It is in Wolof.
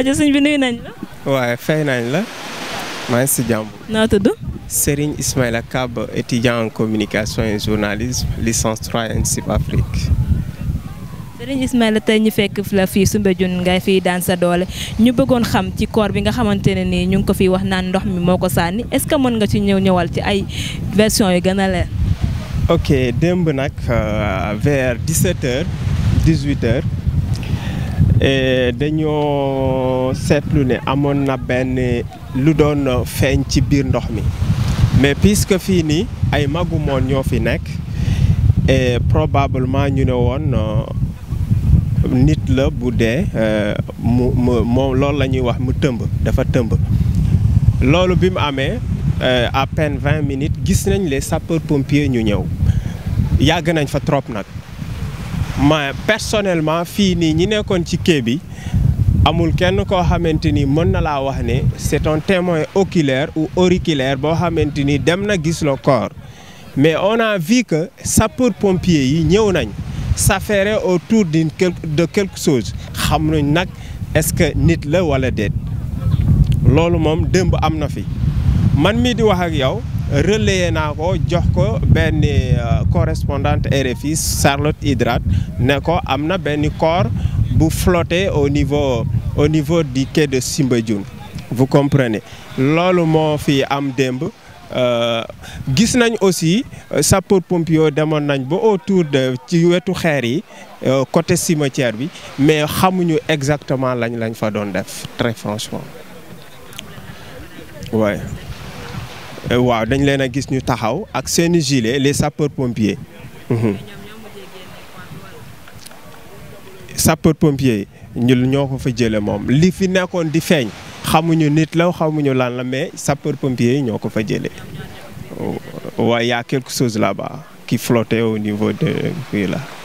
aja sëñ bi nuyu nañ la. waaye fay nañ la maa ngi si jàmm. naa tudd. Serigne Ismaïla Kab étudiant en communication et journalisme licence 3 INSIP Afrique. Serigne Ismaïla tey ñi fekk la fii Soumbédioune ngay fii daan sa doole ñu bëggoon xam ci koor bi nga xamante ne nii ñu ngi ko fi wax naan ndox mi moo ko sànni est-ce que mën nga ci ñëw ñëwal ci ay version yu gën a leer. ok démb nag euh, vers 17h 18h. Eh, dañoo seetlu ne amoon na benn lu doon feeñ ci biir ndox mi mais puisque fii nii ay magu moon ñoo fi nekk et eh, probablement ñu ne woon euh, nit la bu dee euh, mu mu moom loolu la ñuy wax mu tëmb dafa tëmb loolu bi mu amee euh, à peine vingt minutes gis nañ les sapeurs pompiers ñu ñëw yàgg nañ fa trop nag. ma personnellement fii nii ñi nekkoon ci quai bi amul kenn koo xamante ni mën na laa wax ne c'est un témoin oculaire ou auriculaire boo xamante ni dem na gis le corps mais on a vu que sapeurs-pompiers yi ñëw nañ s'affairer autour d'une de quelque chose xam nañ nag est-ce que nit la wala déet loolu moom démb am na fi man mii di wax ak yow. relayé naa ko jox ko benn euh, correspondante RFI Charlotte Hydrate ne ko am na benn corps bu flotté au niveau au niveau du quai de Soumbédioune vous comprenez loolu moo fi am démb euh, gis nañ aussi euh, sapeur pompier demoon nañ ba autour de ci wetu xeer yi côté cimetière bi mais xamuñu exactement lañ lañ fa doon def très franchement Euh, waaw dañ leen a gis ñu taxaw ak seeni gilet les sapeurs pompier mhm. sapeur pompier ñoo ko fa jëlee moom li fi nekkoon di feeñ xamuñu nit la xamuñu lan la mais sapeur pompier ñoo ko fa jële oh, waaye y a quelque chose là-bas qui flottait au niveau de kii la.